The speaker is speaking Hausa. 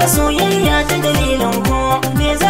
na soyayya ta dalilin ko me za